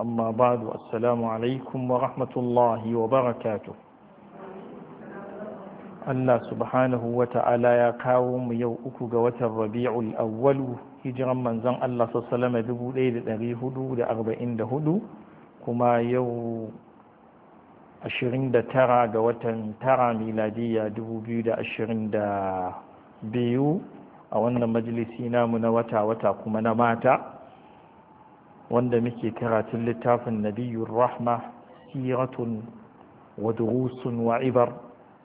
أما بعد السلام عليكم ورحمة wa barakatu. Allah subhanahu wa ta'ala ya kawo mu yau uku ga watan rabi'ul awwalu hijiran manzon Allah sallama dubu ɗaya da ɗari hudu da arba'in da hudu kuma yau ashirin da tara ga watan tara miladiyya dubu biyu da ashirin da biyu a wannan majalisi namu na wata-wata kuma na mata wanda muke karatun littafin nabiyyun rahma siratun wa durusun wa ibar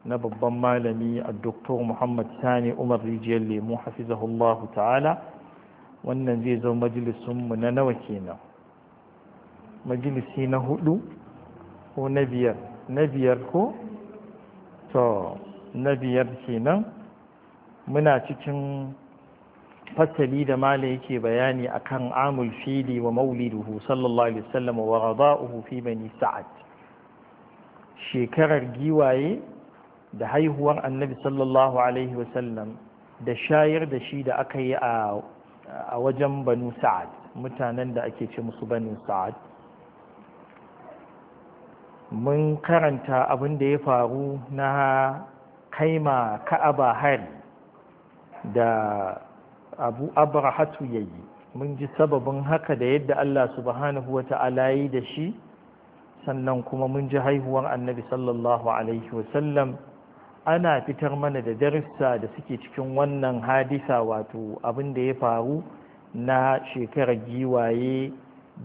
na babban malami a doktor muhammad sani umar rijiyar lemu hafizahullahu ta'ala wannan zai zo majalisunmu na nawa kenan majalisi na hudu ko na biyar na biyar ko to na biyar kenan muna cikin fasali da malam yake bayani akan amul fili wa mauliduhu sallallahu alaihi wasallam wa fi bani sa'ad shekarar giwaye da haihuwar annabi sallallahu alaihi wasallam da shayar da shi da aka yi a wajen banu sa'ad mutanen da ake ce musu banu sa'ad mun karanta abin da ya faru na kaima ka'aba har da abu abrahatu yayi mun ji sababin haka da yadda Allah subhanahu wa ta'ala yi da shi sannan kuma mun ji haihuwar annabi sallallahu alaihi wasallam ana fitar mana da darussa da suke cikin wannan hadisa wato abin da ya faru na shekarar giwaye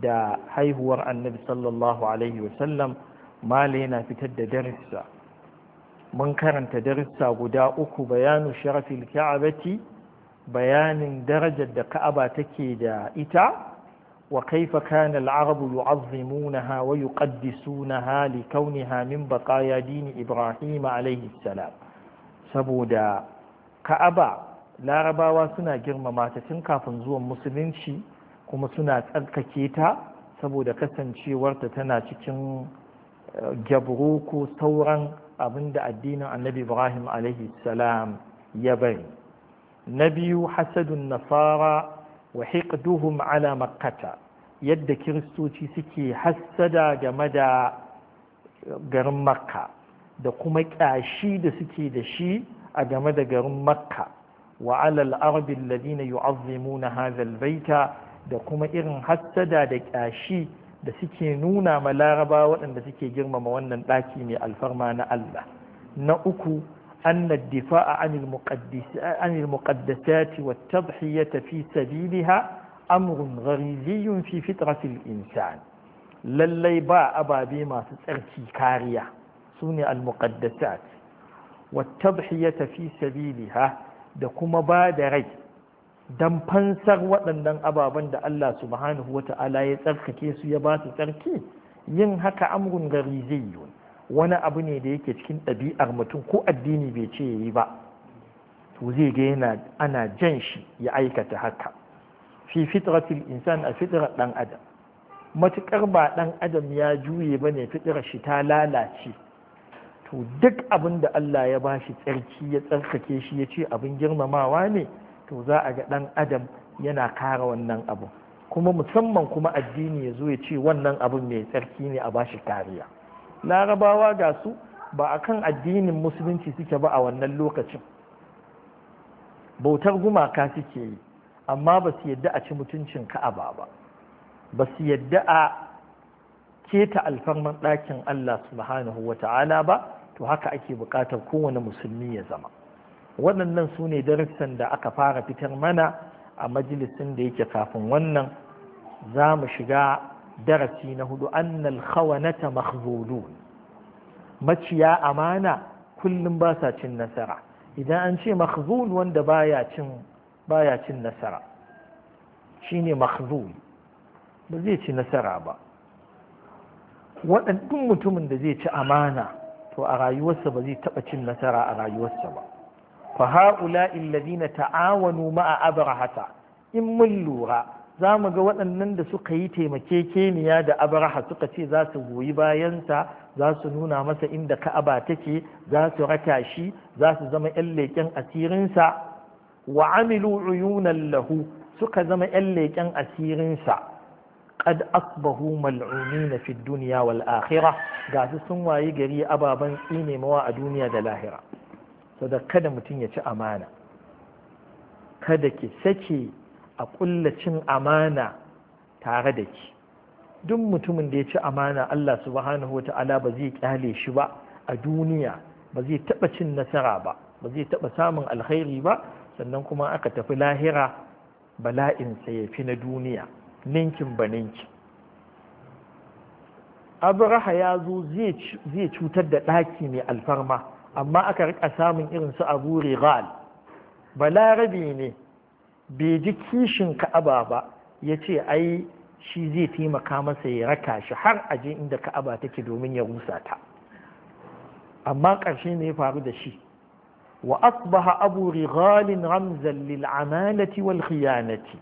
da haihuwar annabi sallallahu alaihi wasallam mala yana fitar da darussa mun karanta darussa guda uku bayanu sharafil ka'abati bayanin darajar da ka'aba take da ita wa kaifa kana al'arabu yu'azzimunaha wa yuqaddisunaha li kauniha min baqaya dini ibrahim alayhi salam saboda ka'aba larabawa suna girmama ta tun kafin zuwan musulunci kuma suna tsarkake ta saboda kasancewarta tana cikin jabru eh, ko sauran abinda addinin annabi ibrahim alaihi salam ya bari na biyu hasadun nasara wa hiqduhum ala makkata yadda kiristoci suke hassada game da garin makka da kuma ƙyashi da suke da shi a game da garin makka wa alal arbin ladina na hazal baita da kuma irin hassada da ƙyashi da suke nuna ma laraba waɗanda suke girmama wannan ɗaki mai alfarma na Allah na uku أن الدفاع عن, المقدس عن المقدسات والتضحية في سبيلها أمر غريزي في فطرة الإنسان للي باع أبا بما تسألتي كارية سنة المقدسات والتضحية في سبيلها دكما بعد ري دم فنسر وأن أبا بند الله سبحانه وتعالى يتركك يسو يبات تركي ينهك أمر غريزي wani abu ne da yake cikin ɗabi'ar mutum ko addini bai ce ya yi ba to zai ga yana ana jan shi ya aikata haka fi fitratil insan a fitrar ɗan adam matuƙar ba ɗan adam ya juye ba ne fitrar shi ta lalace to duk abin da Allah ya bashi tsarki ya tsarkake shi ya ce abin girmamawa ne to za a ga ɗan adam yana kara wannan abu kuma musamman kuma addini ya zo ya ce wannan abin mai tsarki ne a bashi kariya larabawa ga su ba a kan addinin musulunci suke ba a wannan lokacin bautar gumaka suke yi amma ba su yadda a ci mutuncin ka'aba ba ba su yadda a keta alfarman ɗakin Allah subhanahu wa ta'ala ba to haka ake buƙatar kowane musulmi ya zama waɗannan su ne darussan da aka fara fitar mana a majalisin da yake kafin wannan za mu shiga darasi na hudu annal khawanata makhzulun maciya amana kullum ba sa cin nasara idan an ce makhzul wanda baya cin baya cin nasara shine makhzul ba zai ci nasara ba waɗannan mutumin da zai ci amana to a rayuwarsa ba zai taɓa cin nasara a rayuwarsa ba fa ha'ula alladhina ta'awanu ma'a abrahata in mun lura za mu ga waɗannan da suka yi taimake taimakekeniya da abraha suka ce za su goyi bayansa za su nuna masa inda ka'aba take za su raka shi za su zama 'yan leƙen asirinsa wa amilu uyunan lahu suka zama 'yan leƙen asirinsa qad asbahu mal'unina fi duniya wal akhirah ga su sun wayi gari ababen tsinemawa a duniya da lahira saboda kada mutum ya ci amana kada ki sake a ƙulla cin amana tare da ki duk mutumin da ya ci amana Allah subhanahu wa ta'ala ba zai kyale shi ba a duniya ba zai taɓa cin nasara ba ba zai taɓa samun alkhairi ba sannan kuma aka tafi lahira bala'in fi na duniya ninkin ba ninkin abraha ya zo zai cutar da ɗaki mai alfarma amma aka riƙa samun irin su abu rigal balarabe ne bai ji kishin ka'aba ba ya ce ai shi zai taimaka masa ya raka shi har aje inda ka'aba take domin ya rusa ta amma ƙarshe ne ya faru da shi wa asbaha abu rigalin ramzan lil amalati wal khiyanati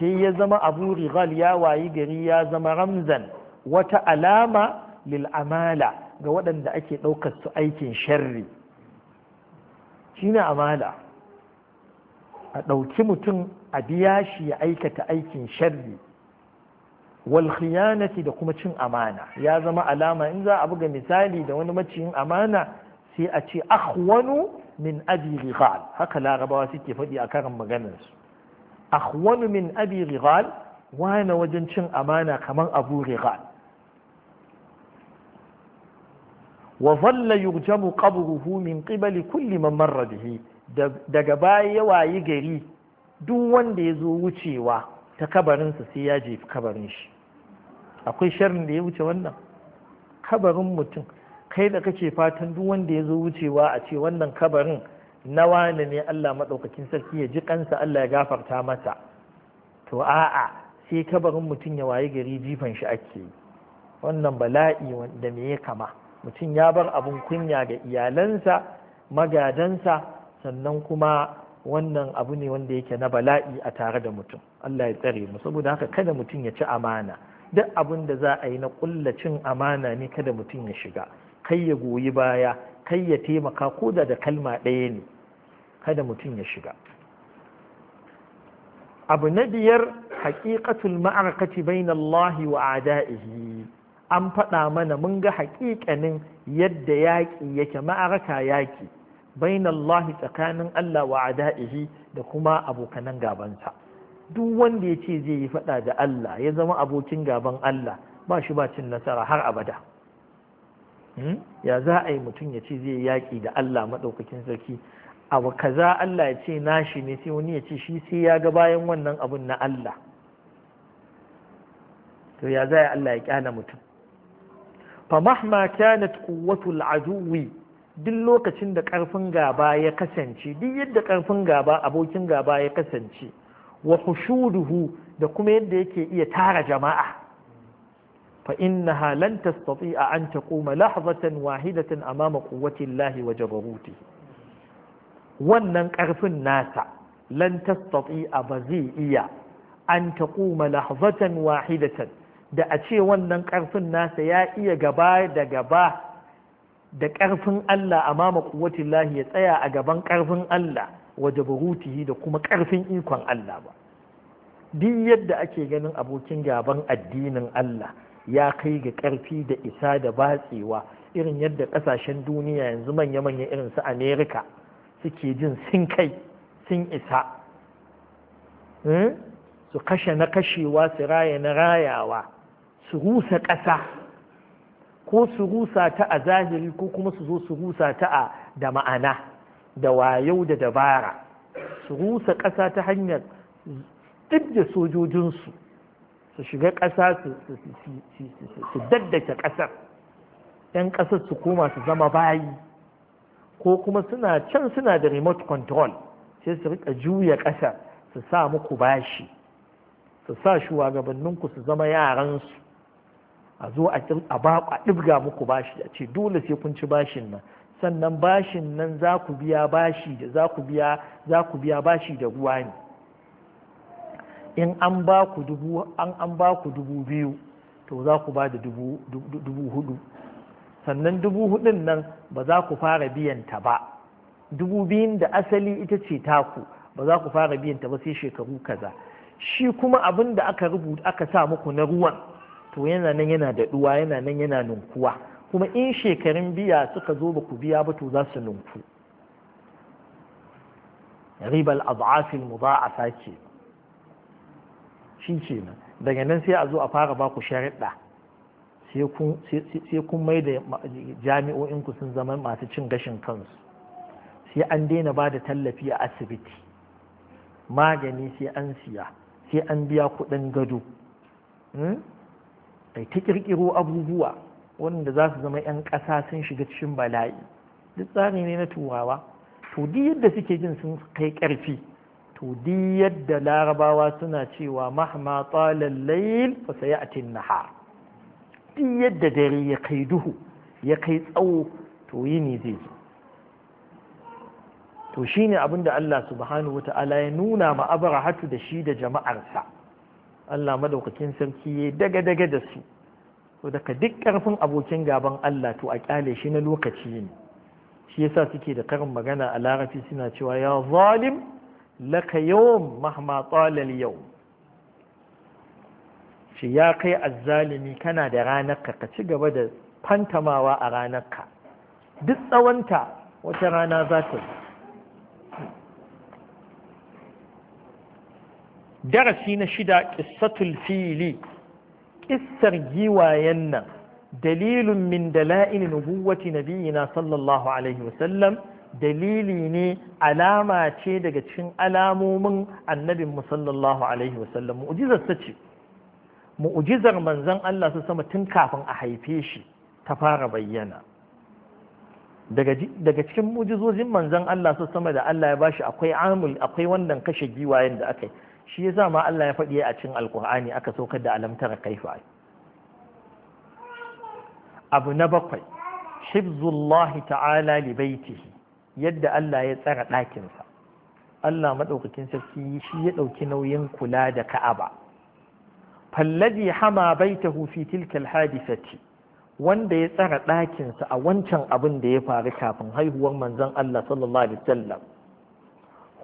sai ya zama abu rigal ya wayi gari ya zama ramzan wata alama lil amala ga waɗanda ake ɗaukar su aikin sharri shine amala a ɗauki mutum a biya shi ya aikata aikin sharri wal khiyanati da kuma cin amana ya zama alama in za a buga misali da wani maciyin amana sai a ce ahwanu min abi rigal haka larabawa suke faɗi a karin maganarsu ahwanu min abi rigal wane wajen cin amana kamar abu rigal wa zalla yurjamu qabruhu min qibali kulli man marra bihi daga baya ya wayi gari duk wanda ya zo wucewa ta kabarinsa sai ya jefi kabarin shi akwai sharrin da ya wuce wannan kabarin mutum kai da kake fatan duk wanda ya zo wucewa a ce wannan kabarin na wani ne Allah maɗaukakin sarki ya ji kansa Allah ya gafarta masa to a'a sai kabarin mutum ya wayi gari jifan shi ake yi wannan bala'i da me ya kama mutum ya bar abun kunya ga iyalansa magadansa sannan kuma wannan abu ne wanda yake na bala'i a tare da mutum Allah ya tsare mu saboda haka kada mutum ya ci amana duk abin da za a yi na ƙulla cin amana ne kada mutum ya shiga kai ya goyi baya kai ya taimaka ko da da kalma ɗaya ne kada mutum ya shiga abu na biyar haƙiƙatul ma'arkati bain Allah wa ada'ihi an faɗa mana mun ga haƙiƙanin yadda yaƙi yake ma'araka yaƙi bain Allah tsakanin Allah wa ada'ihi da kuma abokanan gabansa duk wanda ya ce zai yi fada da Allah ya zama abokin gaban Allah ba shi ba cin nasara har abada hmm? ya za a yi mutum ya ce zai yaƙi da Allah maɗaukakin sarki abu kaza Allah ya ce nashi ne sai wani ya ce shi sai ya ga bayan wannan abun na Allah to ya za Allah ya kyana mutum fa mahma kanat quwwatul aduwi duk lokacin da ƙarfin gaba ya kasance duk yadda ƙarfin gaba abokin gaba ya kasance wa hushuduhu da kuma yadda yake iya tara jama'a fa innaha lan tastati'a an taquma lahzatan wahidatan amama quwwati llahi wa jabaruti wannan ƙarfin nasa lan tastati'a ba zai iya an taquma lahzatan wahidatan da a ce wannan ƙarfin nasa ya iya gaba da gaba da ƙarfin Allah a mama kuwatin ya tsaya a gaban ƙarfin Allah wa jabarutihi da kuma ƙarfin ikon Allah ba duk yadda ake ganin abokin gaban addinin Allah ya kai ga ƙarfi da isa da batsewa irin yadda ƙasashen duniya yanzu manya-manya irin su Amerika suke jin sun kai sun isa hmm? su kashe na kashewa su raya na rayawa su rusa ƙasa ko su rusa ta a zahiri ko kuma su zo su rusa ta a da ma'ana da wayau da dabara su rusa ƙasa ta hanyar da sojojinsu su shiga ƙasa su daddace ƙasar 'yan ƙasar su koma su zama bayi ko kuma suna can suna da remote control sai su rika juya ƙasar su sa muku bashi su sa shugabanninku su zama yaransu a zo a ba a ɗibga muku bashi a ce dole sai kun ci bashin nan sannan bashin nan za ku biya bashi da za ku biya za ku biya bashi da ruwa ne in an ba ku dubu an an ba ku dubu biyu to za ku ba da dubu dubu hudu sannan dubu hudun nan ba za ku fara biyan ta ba dubu biyun da asali ita ce taku ba za ku fara biyan ta ba sai shekaru kaza shi kuma abin da aka rubuta aka sa muku na ruwan to yana nan yana daɗuwa yana nan yana nunkuwa kuma in shekarun biya suka zo ba ku biya ba to za su nunku ribal ba a sake. shi ce nan daga nan sai a zo a fara ba ku sharaɗa sai kun mai da jami'o'in ku sun zama masu cin gashin kansu sai an daina ba da tallafi a asibiti magani sai an siya sai an biya kuɗin gado hmm? kai ta kirkiro abubuwa wanda za su zama 'yan ƙasa sun shiga cikin bala'i duk tsari ne na turawa to di yadda suke jin sun kai ƙarfi to di yadda larabawa suna cewa mahma tsalal layl fa sayatin nahar di yadda dare ya kai duhu ya kai tsawo to yini zai zo to shine abin da Allah subhanahu wa ta'ala ya nuna ma da shi da jama'arsa Allah madaukakin sarki ya daga daga da su to daga duk karfin abokin gaban Allah to a kyale shi na lokaci ne shi yasa suke da karin magana a Larafi suna cewa ya zalim laka yawm mahma talal yau shi ya kai azzalimi kana da ranarka ka ci gaba da fantamawa a ranarka duk tsawonta wata rana za ta zo darasi na shida ƙissatul fili ƙissar giwayen nan dalilun min dala'in nubuwati nabiyina sallallahu alaihi wasallam dalili ne alama ce daga cikin alamomin annabin mu sallallahu alaihi wasallam mu'jizar ta ce mu'jizar manzon Allah su sama tun kafin a haife shi ta fara bayyana daga cikin mu'jizozin manzon Allah su sama da Allah ya bashi akwai amul akwai wannan kashe giwayen da aka yi shi yasa ma Allah ya faɗi a cikin alkur'ani aka saukar da alamtar kaifa abu na bakwai hifzullahi ta'ala li baitihi yadda Allah ya tsara ɗakinsa Allah maɗaukakin sarki shi ya ɗauki nauyin kula da Ka'aba fallaji hama baitahu fi tilka alhadisati wanda ya tsara ɗakinsa a wancan abin da ya faru kafin haihuwar manzon Allah sallallahu alaihi wasallam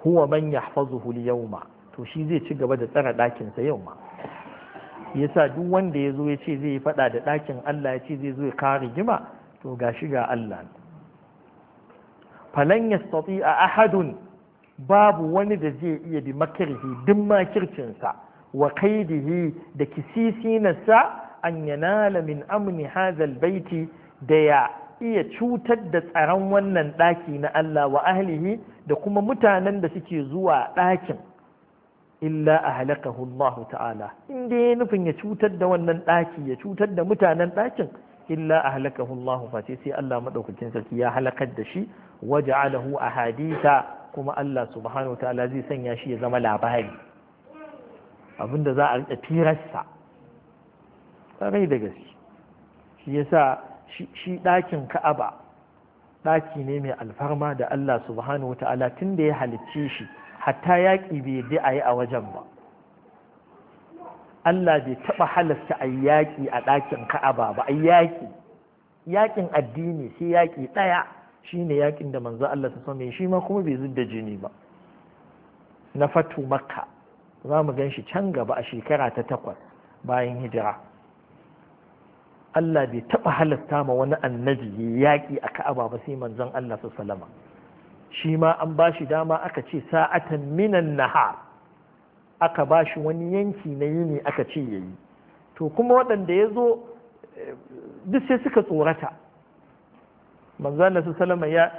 huwa man yahfazuhu al-yawma to shi zai ci gaba da tsara ɗakinsa yau ma yasa duk wanda ya zo ya ce zai faɗa da ɗakin Allah ya ce zai zo ya kare rigima to ga shi ga Allah falan yastati a ahadun babu wani da zai iya bi makirhi duk makircinsa wa kaidihi da kisisinarsa an yanala min amni hazal baiti da ya iya cutar da tsaron wannan ɗaki na Allah wa ahlihi da kuma mutanen da suke zuwa ɗakin illa ahlakahu Allah ta'ala in dai ya nufin ya cutar da wannan ɗaki ya cutar da mutanen ɗakin illa ahlakahu Allah fa sai sai Allah madaukakin sarki ya halakar da shi a hadisa, kuma Allah subhanahu ta'ala zai sanya shi ya zama labari abinda za a rika tirarsa sarai da gaske shi yasa shi ɗakin Ka'aba ɗaki ne mai alfarma da Allah subhanahu ta'ala tun da ya halicce shi hatta yaƙi bai yadda a yi a wajen ba Allah bai taɓa halasta a yaƙi a ɗakin ka'aba ba a yaƙi yaƙin addini sai yaƙi ɗaya Shi ne yaƙin da manzo Allah ta sami shi ma kuma bai da jini ba na fatu makka za mu gan shi can gaba a shekara ta takwas bayan hijira Allah bai taɓa halasta ma wani annabi yaƙi a ka'aba ba sai manzon Allah su salama shi ma an ba shi dama aka ce sa'atan minan nahar aka ba shi wani yanki na yini aka ce ya yi to kuma waɗanda ya zo duk sai suka tsorata manzan da su salama ya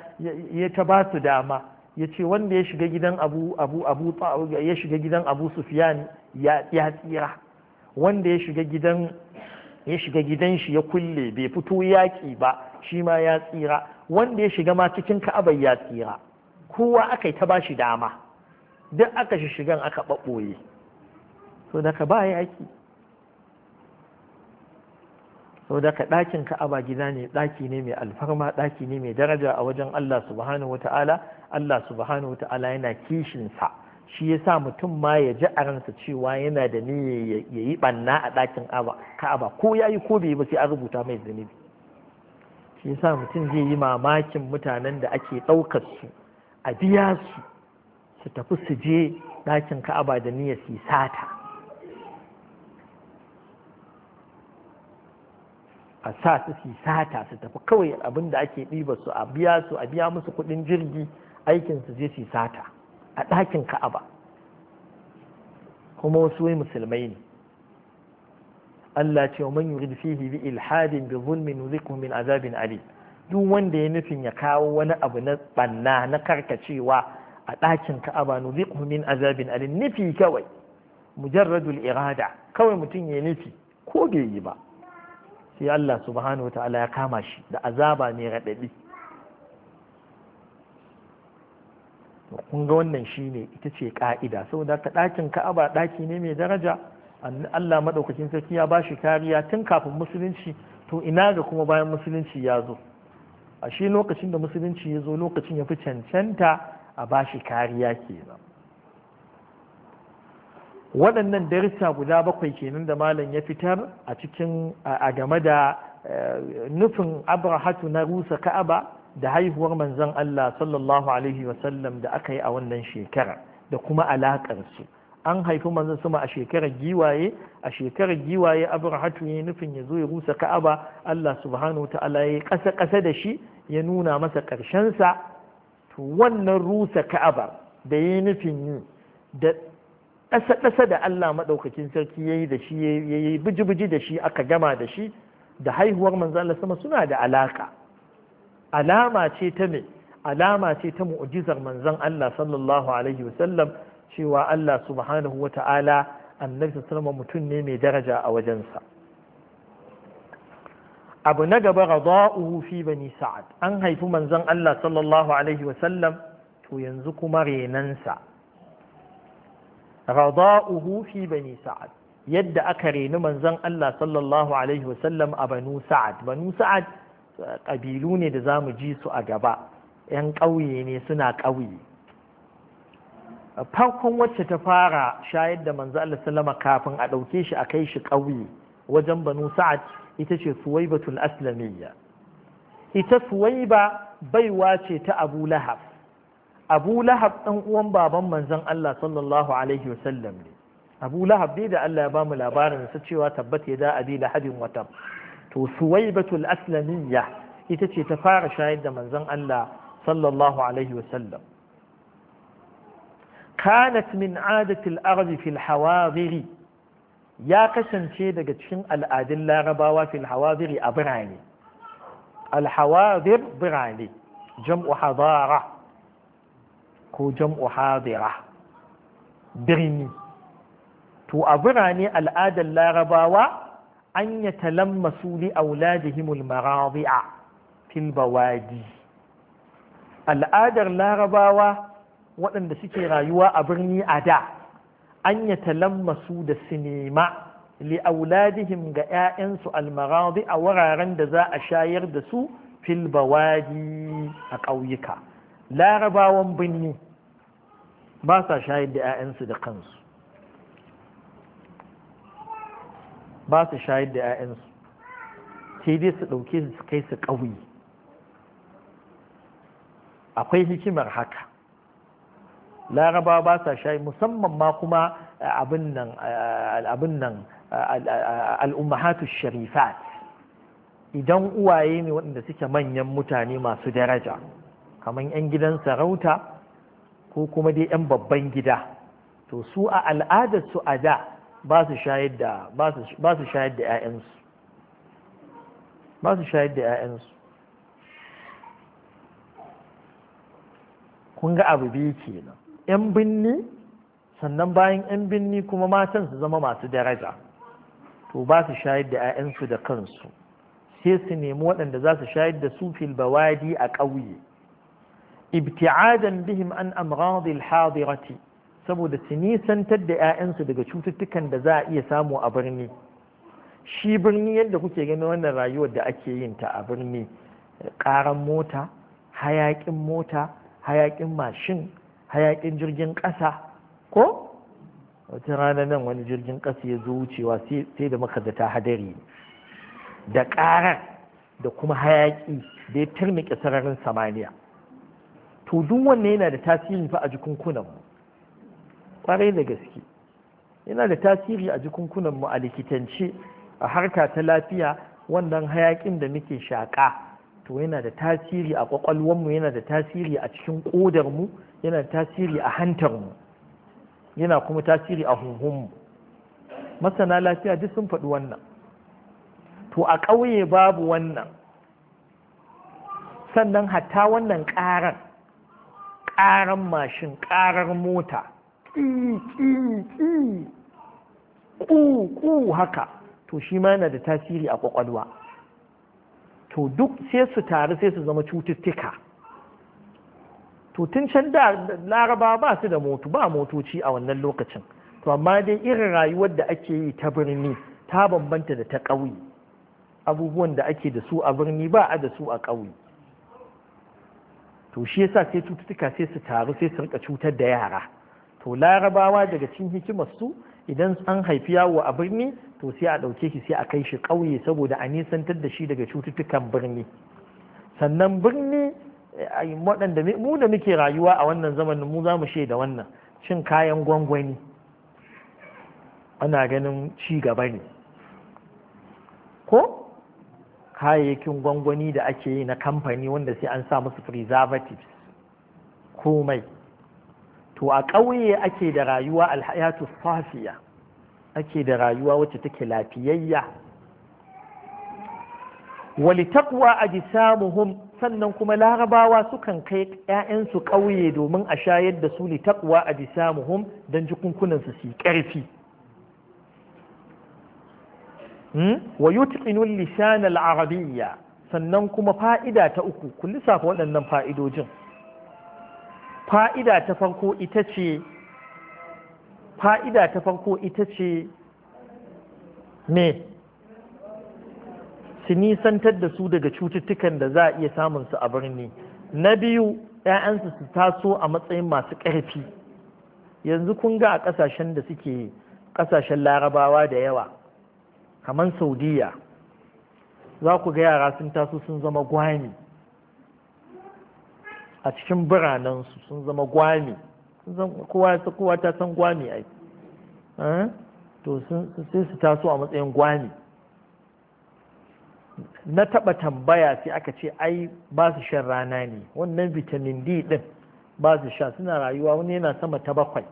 ta ba su dama ya ce wanda ya shiga gidan abu abu abu ya shiga gidan abu sufiyan ya tsira wanda ya shiga gidan ya shiga gidan shi ya kulle bai fito yaƙi ba shi ma ya tsira wanda ya shiga ma cikin ka'abar ya tsira kowa aka yi ta bashi dama duk aka shi shigan aka ɓaɓɓoye so daga ba yaki so daga ɗakin ka'aba gida ne ɗaki ne mai alfarma ɗaki ne mai daraja a wajen Allah subhanahu wata'ala Allah subhanahu wata'ala yana kishinsa shi ya sa mutum ma ya ji a ransa cewa yana da niyya ya yi ɓanna a ɗakin ka'aba ko ya yi ko bai ba sai an rubuta mai zunubi shi yasa mutum zai yi mamakin mutanen da ake ɗaukar su a biya su su tafi su je ɗakin ka'aba da niyyar su sata a sa su su sata su tafi kawai abin da ake ɗiba su a biya su a biya musu kuɗin jirgi aikin su je su sata a ɗakin ka'aba kuma wasu wai musulmai ne Allah ce wa manyan rufi bi ilhadin bi zulmin nuzikum min azabin ali duk wanda ya nufin ya kawo wani abu na ɓanna na karkacewa a ɗakin Ka'aba nuzikum min azabin ali nufi kawai mujarradul irada kawai mutum ya nufi ko bai yi ba sai Allah subhanahu wa ta'ala ya kama shi da azaba mai raɗaɗi kun ga wannan shine ita ce ka'ida saboda ka ɗakin Ka'aba ɗaki ne mai daraja Allah madaukakin sarki ya bashi kariya tun kafin musulunci to ina ga kuma bayan musulunci ya zo a shi lokacin da musulunci ya zo lokacin ya fi cancanta a bashi kariya kenan waɗannan darussa guda bakwai kenan da malam ya fitar a cikin a game da eh, nufin abrahatu na rusa ka'aba da haihuwar manzon Allah sallallahu alaihi wasallam da aka yi a wannan shekara da kuma alaƙarsu su an haifi manzon sama a shekarar giwaye a shekarar giwaye abrahatu ya nufin ya zo ya rusa ka'aba Allah subhanahu ta'ala ya kasa kasa da shi ya nuna masa karshen sa to wannan rusa ka'aba da ya nufin yi da kasa kasa da Allah madaukakin sarki yayi da shi yayi biji biji da shi aka gama da shi da haihuwar manzon Allah sama suna da alaka alama ce ta me alama ce ta mu'jizar manzon Allah sallallahu alaihi wasallam cewa Allah subhanahu wa ta'ala annabi sallama mutum ne mai daraja a wajensa abu na gaba rada'uhu fi bani sa'ad an haifi manzon Allah sallallahu alaihi wa sallam to yanzu kuma renansa rada'uhu fi bani sa'ad yadda aka reni manzon Allah sallallahu alaihi wa sallam a banu sa'ad banu sa'ad kabilu ne da zamu ji su a gaba 'yan ƙauye ne suna ƙauye farkon wacce ta fara shayar da manzo Allah sallama kafin a ɗauke shi a kai shi ƙauye wajen banu sa'ad ita ce suwaibatul aslamiyya ita suwaiba baiwa ce ta abu lahab abu lahab ɗan uwan baban manzon Allah sallallahu alaihi wasallam ne abu lahab dai da Allah ya ba mu labarin sa cewa tabbat ya da abi lahabin watan, to suwaibatul aslamiyya ita ce ta fara shayar da manzon Allah sallallahu alaihi wasallam kanat min adatil arzi fil hawaziri ya kasance daga cikin al'adun larabawa fil a birane alhawazir birane jam'u hadara ko jam'u hadira birni to a birane al'adar larabawa an ya talammasu li auladihimul maradi'a fil bawadi al'adar larabawa waɗanda suke rayuwa a birni a da an ya talammasu da sinima li'auladihim ga 'ya'yansu almaradi a wuraren da za a shayar da su fil bawadi a ƙauyuka larabawan birni ba sa shayar da 'ya'yansu da kansu ba su shayar da 'ya'yansu sai dai su ɗauke su kai su ƙauye akwai hikimar haka Larabawa ba sa shayi musamman ma kuma eh, abin nan eh, eh, al'ummahatu sharifat idan uwaye ne waɗanda suke manyan mutane masu daraja kamar 'yan gidan sarauta ko kuma dai 'yan babban gida to su a al'adarsu a da ba su a da ba su shayar da 'ya'yansu kun ga abu biyu kenan 'yan binni sannan bayan 'yan binni kuma matan su zama masu daraja to ba su shayar da 'ya'yansu da kansu sai su nemi waɗanda za su shayar da su fil bawadi a ƙauye ibti'adan bihim an amradil hadirati saboda su nisantar da 'ya'yansu daga cututtukan da za a iya samu a birni shi birni yadda kuke gani wannan rayuwar da ake yin ta a birni ƙaran mota hayaƙin mota hayaƙin mashin hayaƙin jirgin ƙasa ko wata rana nan wani jirgin ƙasa ya zo wucewa sai da maka da ta hadari da ƙarar da kuma hayaƙi da ya turmike sararin samaniya to duk wannan yana da tasiri fa a jikunkunanmu mu kwarai da gaske yana da tasiri a jikunkunanmu mu a likitance a harka ta lafiya wannan hayaƙin da muke shaƙa to yana da tasiri a mu yana da tasiri a cikin ƙodarmu yana da tasiri a hantarmu yana kuma tasiri a huhunmu masana lafiya duk sun faɗi wannan to a ƙauye babu wannan sannan hatta wannan ƙarar ƙarar mashin ƙarar mota ƙi ƙi ƙu haka to shi ma yana da tasiri a ƙwaƙwalwa to duk sai su taru sai su zama cututtuka to tun can da laraba ba su da motu ba motoci a wannan lokacin to amma dai irin rayuwar da ake yi ta birni ta bambanta da ta ƙauye abubuwan da ake da su a birni ba a da su a ƙauye to shi yasa sai cututtuka sai su taru sai su rika cutar da yara to larabawa daga cikin hikimar su idan an haifi yawo a birni to sai a ɗauke shi sai a kai shi ƙauye saboda a nisantar da shi daga cututtukan birni sannan birni eh, waɗanda mu da muke rayuwa a wannan zamanin mu za mu shaida wannan cin kayan gwangwani ana ganin ci gaba ne ko kayayyakin gwangwani da ake yi na kamfani wanda sai an sa musu preservatives komai to a ƙauye ake da rayuwa alhayatu safiya ake da rayuwa wacce take lafiyayya walitakwa a jisamuhum sannan kuma larabawa sukan kai 'ya'yansu ƙauye domin a shayar da su litakwa a jisamuhum don jikunkunansu su yi ƙarfi hmm? wa yutqinul lisan al-arabiyya sannan kuma fa'ida ta uku ku lissafa waɗannan fa'idojin fa'ida ta farko ita ce fa'ida ta fanko ita ce me su nisantar da su daga cututtukan da za a iya su a birni na biyu ‘ya'yansu su taso a matsayin masu ƙarfi yanzu kun ga a ƙasashen da suke ƙasashen larabawa da yawa kamar saudiya za ku ga yara sun taso sun zama gwani a cikin biranensu sun zama gwami kowa ta san gwami ai eh? to sai su taso a matsayin gwami na taɓa tambaya sai aka ce ai ba su shan rana ne wannan vitamin d ɗin ba su sha suna rayuwa wani yana sama ta bakwai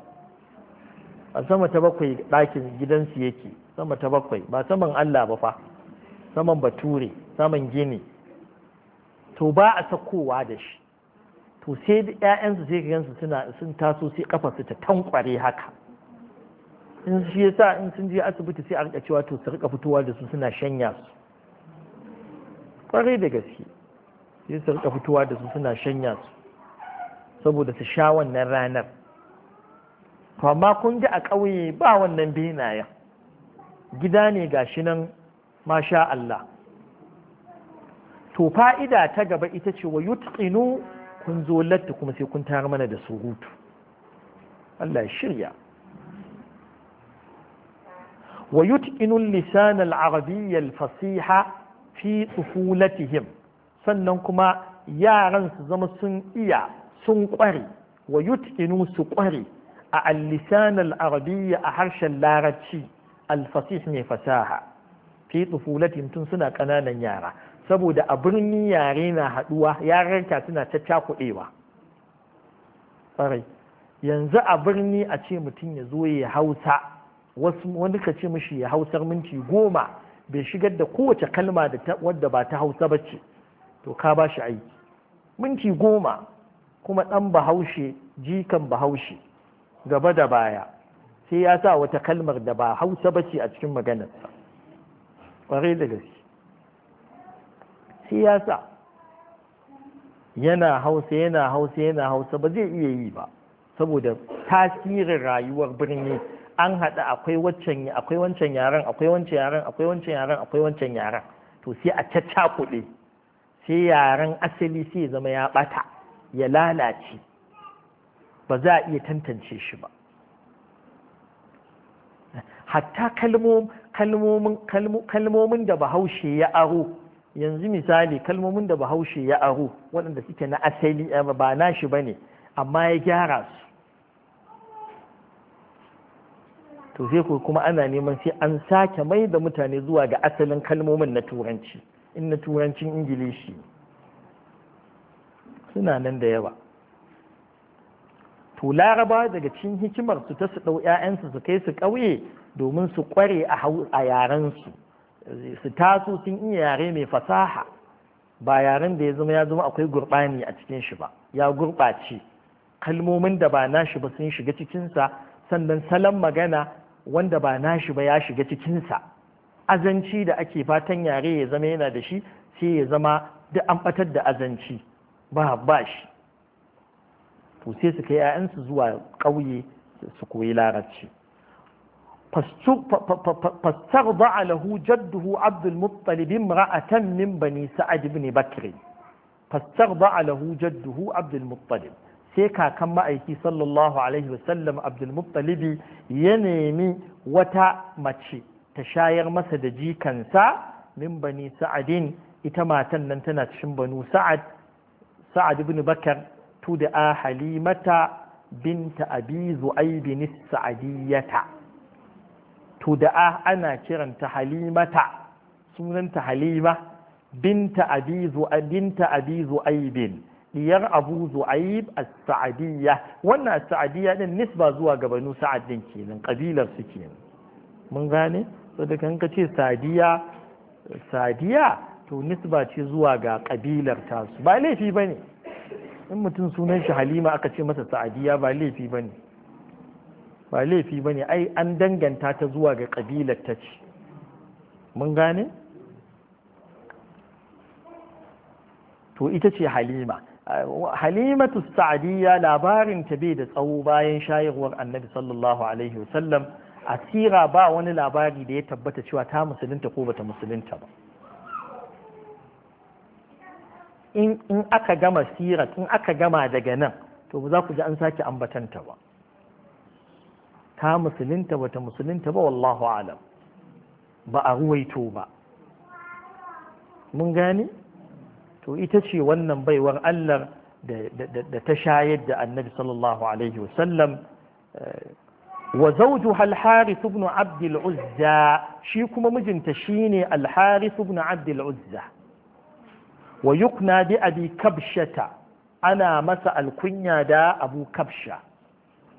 a sama ta bakwai ɗakin gidansu yake sama ta bakwai ba saman allah ba fa saman bature saman gini to ba a sakowa da shi to sai da ƴaƴansu sai gansu suna sun taso sai kafa su ta tankware haka in shi yasa in sun je asibiti sai a rika cewa to su rika fitowa da su suna shanya su kwarai da gaske sai su rika fitowa da su suna shanya su saboda su sha wannan ranar to amma kun ji a ƙauye ba wannan benayen gida ne shi nan masha Allah to fa'ida ta gaba ita ce wa yutqinu kun zo latta kuma sai kun tayar mana da surutu Allah ya shirya wa yutqinu lisan al-arabiy al-fasiha fi tufulatihim sannan kuma yaran su zama sun iya sun kware wa yutqinu su kware a al-lisan al a harshen larabci al-fasih ne fasaha fi tufulatihim tun suna kananan yara saboda a birni yare na haduwa yararka suna ta cakuɗewa yanzu a birni a ce mutum ya zo ya hausa wani ka ce mishi ya hausar minti goma bai shigar da kowace kalma wadda ba ta hausa ba ce to ka ba shi aiki minti goma kuma ɗan bahaushe jikan bahaushe gaba da baya sai ya sa wata kalmar da ba hausa ba ce a cikin maganarsa ƙwarai da gaske Siyasa yana hausa yana hausa yana hausa ba zai iya yi ba saboda tasirin rayuwar birni an haɗa akwai waccan akwai wancan yaren akwai wancan yaren akwai wancan yaren akwai wancan yaren to sai a caccakuɗe sai yaren asali sai zama ya ɓata ya lalace ba za a iya tantance shi ba hatta kalmomin da bahaushe ya aro yanzu misali kalmomin da bahaushe ya aro waɗanda suke na asali eh, ba nashi ba ne amma ya gyara su to sai ku kuma ana neman sai an sake mai da mutane zuwa ga asalin kalmomin na turanci in na turancin ingilishi suna nan da yawa to laraba daga cikin hikimar su ta su ɗau 'ya'yansu su kai su ƙauye domin su ƙware a yarensu su su taso sun iya yare mai fasaha ba yaren da ya zama ya zama akwai gurɓani a cikin shi ba ya gurɓace kalmomin da ba nashi ba sun shiga cikinsa sannan salon magana wanda ba nashi ba ya shiga cikinsa azanci da ake fatan yare ya zama yana da shi sai ya zama duk an batar da azanci ba ba shi to sai su kai 'ya'yansu zuwa ƙauye su koyi larabci فاسترضع له جده عبد المطلب امرأة من بني سعد بن بكر فاسترضع له جده عبد المطلب سيكا كما أيكي صلى الله عليه وسلم عبد المطلب ينمي وتا ماتشي تشاير مسد جيكا سا من بني سعد إتما تننتنا تشم بنو سعد سعد بن بكر تدعى حليمة بنت أبي ذؤيب السعدية to da'a ana kiranta halimata sunanta halima binta abizu binta abizu aibin diyar abu zu'aib as-sa'diyya wannan as-sa'diyya din nisba zuwa ga banu sa'ad din kenan kabilar su kenan mun gane saboda kan kanka ce sa'diyya sa'diyya to nisba ce zuwa ga kabilar tasu ba laifi bane in mutum sunan shi halima aka ce masa sa'diyya ba laifi bane ba laifi ba ne ai an danganta ta zuwa ga ƙabilar ta ce mun gane to ita ce halima halimatu sa'adiyya labarin ta bai da tsawo bayan shayarwar annabi sallallahu alaihi wasallam asira ba wani labari da ya tabbata cewa ta musulunta ko bata musulunta ba in aka gama sirat in aka gama daga nan to ba za ku ji an sake ambatanta ba ta musulunta bata musulunta ba wallahu alam ba a ruwaito ba mun gane to ita ce wannan baiwar allah da ta shayar da annabi sallallahu alaihi wasallam wa zawjuha al-harith ibn abd al-uzza shi kuma mijinta shine al-harith ibn abd al-uzza wa bi abi kabshata ana masa alkunya da abu kabsha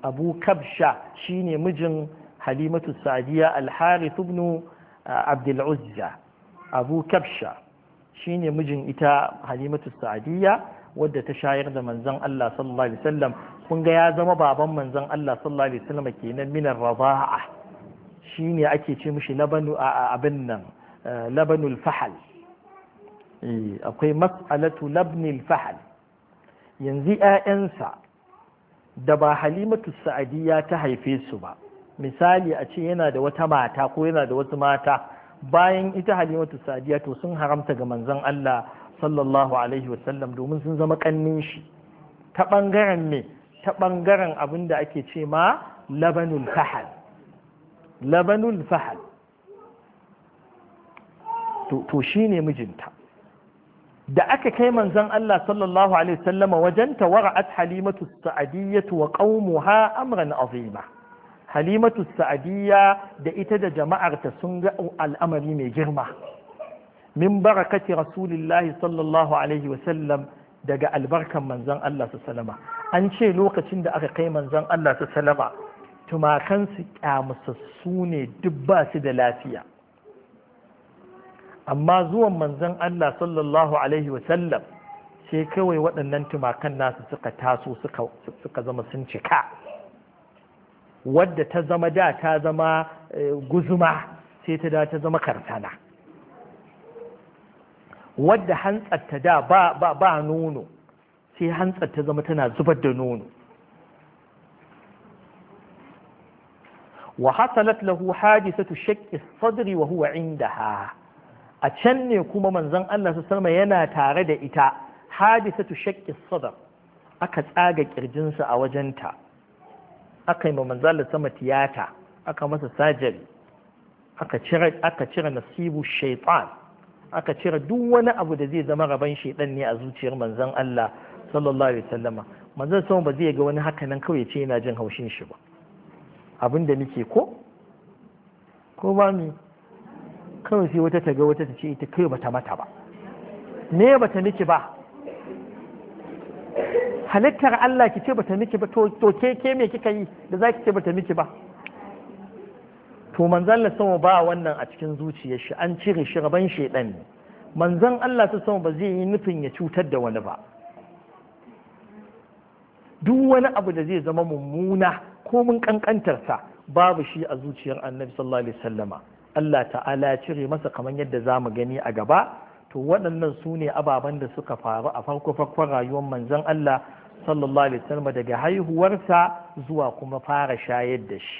abu kabsha shine mijin halimatu sadiya al-harith ibn uh, abdul uzza abu kabsha shine mijin ita halimatu sadiya wadda ta shayar da manzon Allah sallallahu alaihi wasallam kun ga ya zama baban manzon Allah sallallahu alaihi wasallam kenan minar Shi shine ake ce mishi labanu abin nan uh, labanul fahal eh, akwai mas'alatu labnil fahal yanzu 'ya'yansa da ba halimatu sa'adiyya ta haife su ba misali a ce yana da wata mata ko yana da wasu mata bayan ita halimatu sa'adiyya to sun haramta ga manzon Allah sallallahu alaihi wasallam domin sun zama kannin shi ta bangaren me ta bangaren abin da ake ce ma labanul fahal labanul fahal to shine mijinta da aka kai manzon Allah sallallahu alaihi wasallama wajenta wara'at halimatu sa'adiyyatu wa qaumuha amran azima halimatu sa'adiyya da ita da jama'arta sun ga al'amari mai girma min barakati rasulillahi sallallahu alaihi wasallam daga albarkan manzon Allah sallallahu an ce lokacin da aka kai manzon Allah sallallahu tumakansu kyamusassu ne duk ba su da lafiya amma zuwan manzon Allah sallallahu alaihi wasallam sai kawai waɗannan tumakan nasu suka taso suka zama sun cika wadda ta zama da ta zama eh, guzuma sai ta da ta zama karsana wadda hantsar da ba nono sai hantsar ta zama tana zubar da nono wa hasalat lahu hadisatu shaqqi sadri wa huwa indaha a can ne kuma manzon Allah su yana tare da ita hadisatu shakki sadar aka tsaga kirjinsa a wajenta aka yi ma manzon Allah sama tiyata aka masa sajari aka cire aka cire nasibu shaitan aka cire duk wani abu da zai zama rabon shaytan ne a zuciyar manzon Allah sallallahu alaihi wasallama manzon sama ba zai ga wani haka nan kawai ce yana jin haushin shi ba abin da nake ko ko ba ni kawai sai wata ta ga wata ta ce ita kai bata mata ba me bata miki ba halittar Allah ki ce bata miki ba to ke ke me kika yi da zaki ce bata miki ba to manzon Allah sama ba wannan a cikin zuciyar shi an cire shi raban shedan ne manzon Allah sama ba zai yi nufin ya cutar da wani ba duk wani abu da zai zama mummuna ko mun kankantarsa babu shi a zuciyar annabi sallallahu alaihi wasallama Allah ta'ala ya cire masa kamar yadda za mu gani a gaba to waɗannan su ne ababen da suka faru a farko farkon rayuwar manzon Allah sallallahu alaihi wasallam daga haihuwarsa zuwa kuma fara shayar da shi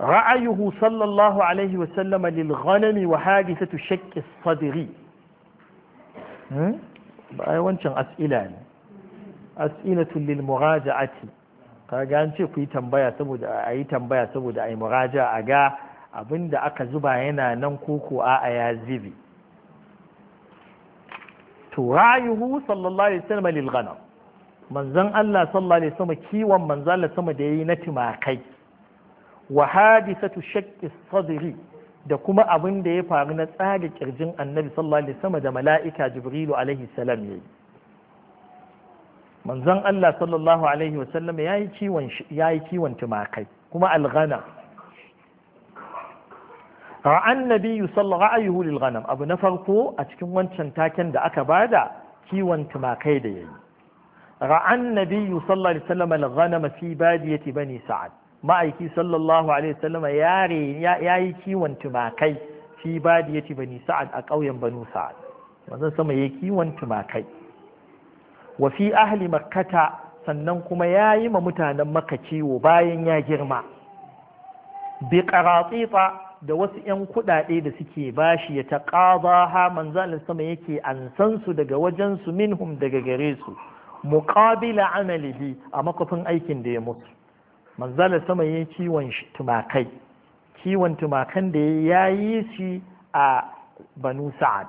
ra'ayuhu sallallahu alaihi wasallam lil ghanami wa hadithatu shakki sadri ba hmm? wancan as'ila ne as'ilatu lil muraja'ati ga an ce ku yi tambaya saboda a yi tambaya saboda a yi muraja a ga abin da aka zuba yana nan koko a a ya zibi to rayuhu sallallahu alaihi wasallam lil ghanam manzon Allah sallallahu alaihi wasallam kiwon manzon Allah sama da yayi na timakai wa hadisatu shaqqi sadri da kuma abin da ya faru na tsage kirjin annabi sallallahu alaihi wasallam da mala'ika jibrilu alaihi salam yayi manzon Allah sallallahu alaihi wasallam yayi kiwon kiwon tumakai kuma alghana ra'an nabiyyu sallallahu ra'ayuhu lil ghanam abu na farko a cikin wancan taken da aka bada kiwon tumakai da yayi ra'an nabiyyu sallallahu alaihi wasallam al ghanama fi badiyati bani sa'ad ma'aiki sallallahu alaihi wasallam yare yayi kiwon tumakai fi badiyati bani sa'ad a ƙauyen banu sa'ad manzon sama yayi kiwon tumakai wa fi ahli makkata sannan kuma ya yi ma mutanen maka ciwo bayan ya girma bi karatita da wasu 'yan kuɗaɗe da suke bashi ya taƙaza ha manzalin sama yake ansansu daga wajensu minhum daga gare su muƙabila amalihi a makofin aikin da ya mutu manzalin sama ya kiwon tumakai Kiwon tumakan da ya yi shi a banu sa'ad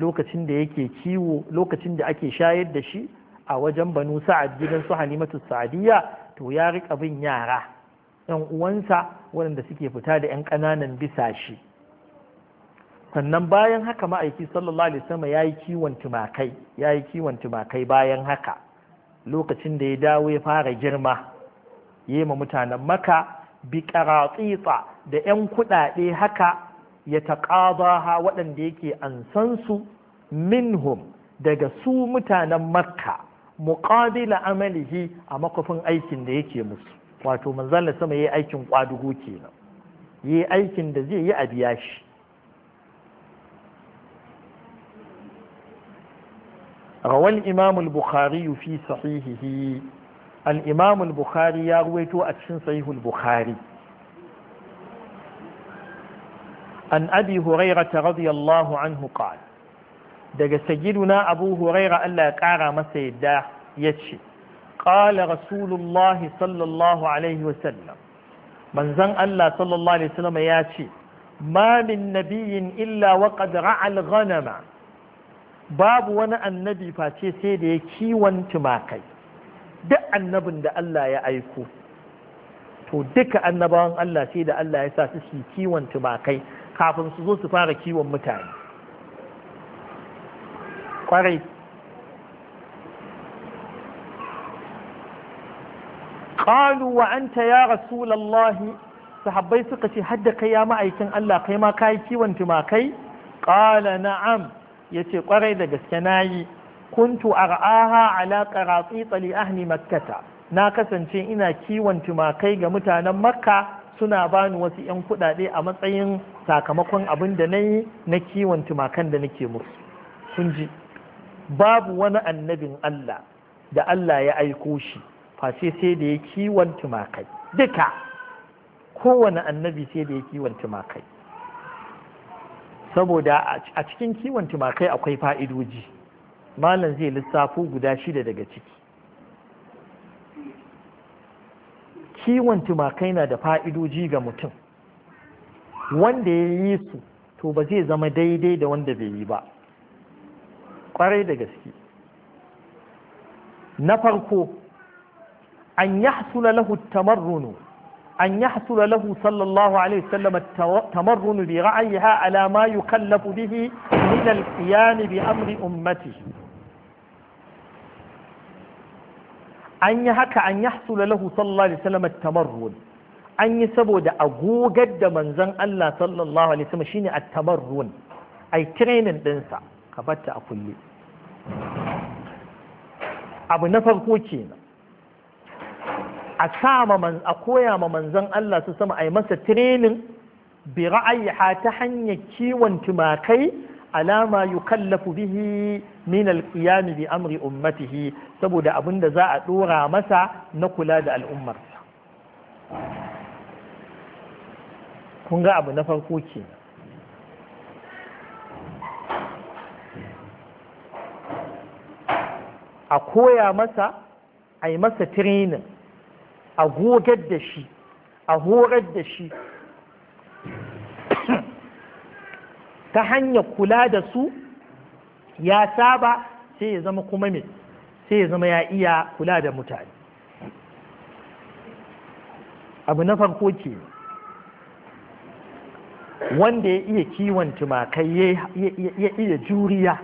lokacin da yake kiwo lokacin da ake shayar da shi a wajen banu sa'ad gidan su halimatu sa'adiyya to ya rika bin yara yan uwansa waɗanda suke fita da yan ƙananan bisa shi sannan bayan haka ma'aiki sallallahu alaihi wasallam ya yi kiwon tumakai ya kiwon tumakai bayan haka lokacin da ya dawo ya fara girma ya yi ma mutanen maka bi da yan kuɗaɗe haka ya taƙabaha waɗanda yake ansansu minhum daga su mutanen makka muƙabila amalihi a makofin aikin da yake musu wato manzala sama ya yi aikin ƙwadugo kenan ya yi aikin da zai yi a biya shi rawal imamul bukhari fi sahihihi al imamul bukhari ya ruwaito a cikin sahihul bukhari an abi hurairata radiyallahu anhu qala daga sayyiduna abu huraira Allah ya kara masa yadda yace qala rasulullahi sallallahu alaihi wasallam manzon Allah sallallahu alaihi wasallam ya ce ma min nabiyyin illa wa qad ra'al ghanama babu wani annabi face sai da ya kiwon tumakai duk annabin da Allah ya aiko to duka annabawan Allah sai da Allah ya sa su kiwon tumakai kafin su zo su fara kiwon mutane kwarai qalu wa anta ya rasulallahi sahabbai suka ce hadda kai ya ma'aikin Allah kai ma kai kiwon tumakai qala na'am yace kwarai da gaske nayi kuntu ar'aha ala qaratita li ahli makkata na kasance ina kiwon tumakai ga mutanen makka suna bani wasu 'yan kuɗaɗe a matsayin sakamakon abin da na yi na kiwon tumakan da nake musu sun ji babu wani annabin Allah da Allah ya aiko shi face sai da ya kiwon tumakai duka kowane annabi sai da ya kiwon tumakai saboda a cikin kiwon tumakai akwai fa'idoji malam zai lissafo guda shida daga ciki kiwon tumakai na da fa'idoji ga mutum wanda ya yi su to ba zai zama daidai da wanda bai yi ba ƙwarai da gaske na farko an yi hasula lahu tamarrunu an yi hasula lahu sallallahu alaihi wasallam tamarrunu bi ra'ayiha ala ma yukallafu bihi min al-qiyam bi amri ummati an yi haka an yi hasula lahu sallallahu alaihi wasallam tamarrunu an yi saboda a gogar da manzon Allah sallallahu alaihi wasallam shine at-tamarrun ai training ɗinsa ka batta a kulle abu na farko kenan a sama man a koya ma manzon Allah su sama ai masa training bi ra'ayiha ta hanyar kiwon tumakai alama yukallafu bihi min alqiyam bi amri ummatihi saboda abinda za a dora masa na kula da al'ummarsa kun ga abu na farko ke a koya masa a yi masa training a gogar da shi a horar da shi ta hanyar kula da su ya saba sai ya zama kuma mai sai ya zama ya iya kula da mutane abu na farko ke wanda ya iya kiwon tumakai ya iya juriya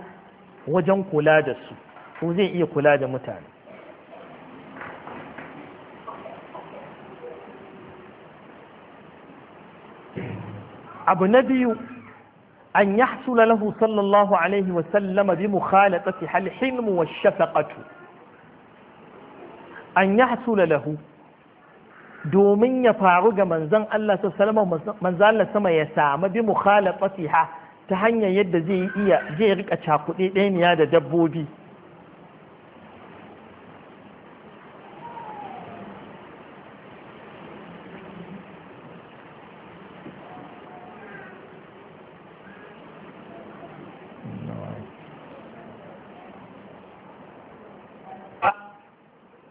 wajen kula da su ko zai iya kula da mutane abu na biyu an yahsula lahu sallallahu alaihi wasallama bi mukhalatati hal hilmu wa shafaqatu an yahsula lahu domin ya faru ga manzon Allah sallallahu manzon Allah sama ya samu bi mukhalafatiha ta hanyar yadda zai iya zai rika cakuɗe ɗaniya da dabbobi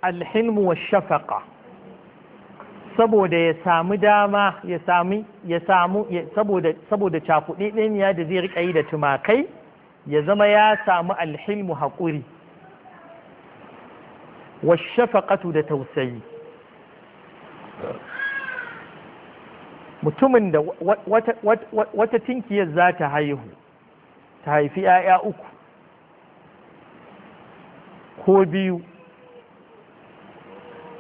الحلم والشفقه saboda ya samu dama ya samu ya samu saboda saboda ɗin ya da zai riƙa yi da tumakai ya zama ya samu alhilmu haƙuri wa washafaƙatu da tausayi mutumin da wata tinkiyar za ta haihu ta haifi 'ya'ya uku ko biyu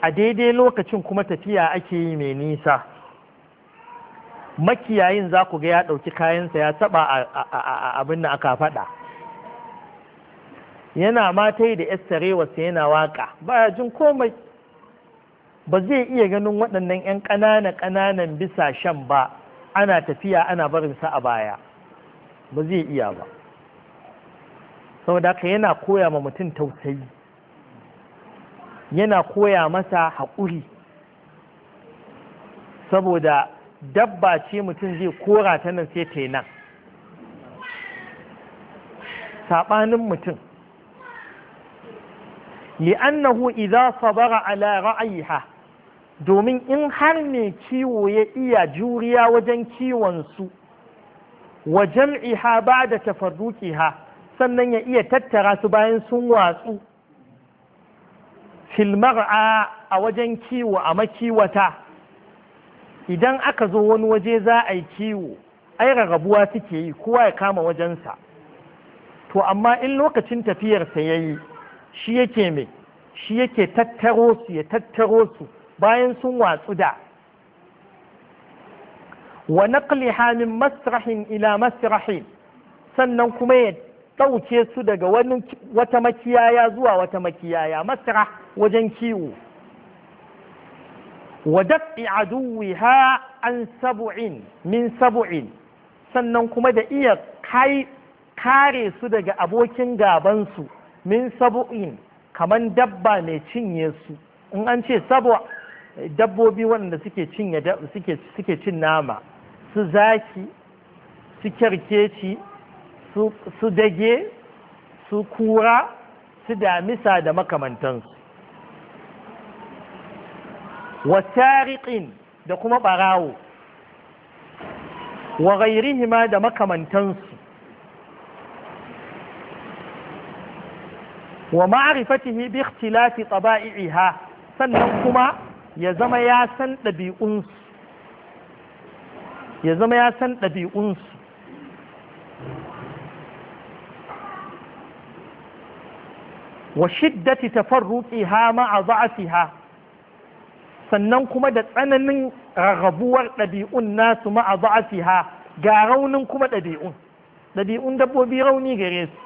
a daidai lokacin kuma tafiya ake yi mai nisa makiyayin za ku ga ya ɗauki kayansa ya taɓa abin da aka faɗa yana matai da wasu yana waƙa ya jin komai ba zai iya ganin waɗannan 'yan ƙanana ƙananan bisa shan ba ana tafiya ana barinsa a baya ba zai iya ba saboda haka yana koya ma mutum tausayi yana koya masa haƙuri saboda dabba ce mutum zai kora ta nan sai ta yi nan saɓanin mutum li'annahu idza sabara ala ra'ayiha domin in har ne kiwo ya iya juriya wajen kiwon su wa jam'iha ba da tafarruqiha sannan ya iya tattara su bayan sun watsu filmar'a a wajen kiwo a makiwata idan aka zo wani waje za a yi kiwo ai rarrabuwa suke yi kowa ya kama wajensa to amma in lokacin tafiyarsa ya yi shi yake mai shi yake tattaro su ya tattaro su bayan sun watsu da wa naqliha min masrahin ila masrahin sannan kuma ya ɗauke su daga wani wata makiyaya zuwa wata makiyaya masra wajen kiwo wa dafi aduwiha an sabu'in min sabu'in sannan kuma da iya kare su daga abokin gabansu min sabu'in kamar dabba mai cinye su in an ce dabbobi waɗanda suke suke cin nama su zaki su kyarkeci su dage su kura su damisa da makamantansu wasariƙin da kuma ɓarawo wa ghairihima da makamantansu wa ma'arifatihi bi ikhtilafi tsaba'i'iha sannan kuma ya zama ya san ɗabi'unsu ya zama ya san ɗabi'unsu وشدة تفرقها مع ضعفها sannan kuma da tsananin rarrabuwar ɗabi'un nasu ma'a ba'asiha ga raunin kuma ɗabi'un ɗabi'un dabbobi rauni gare su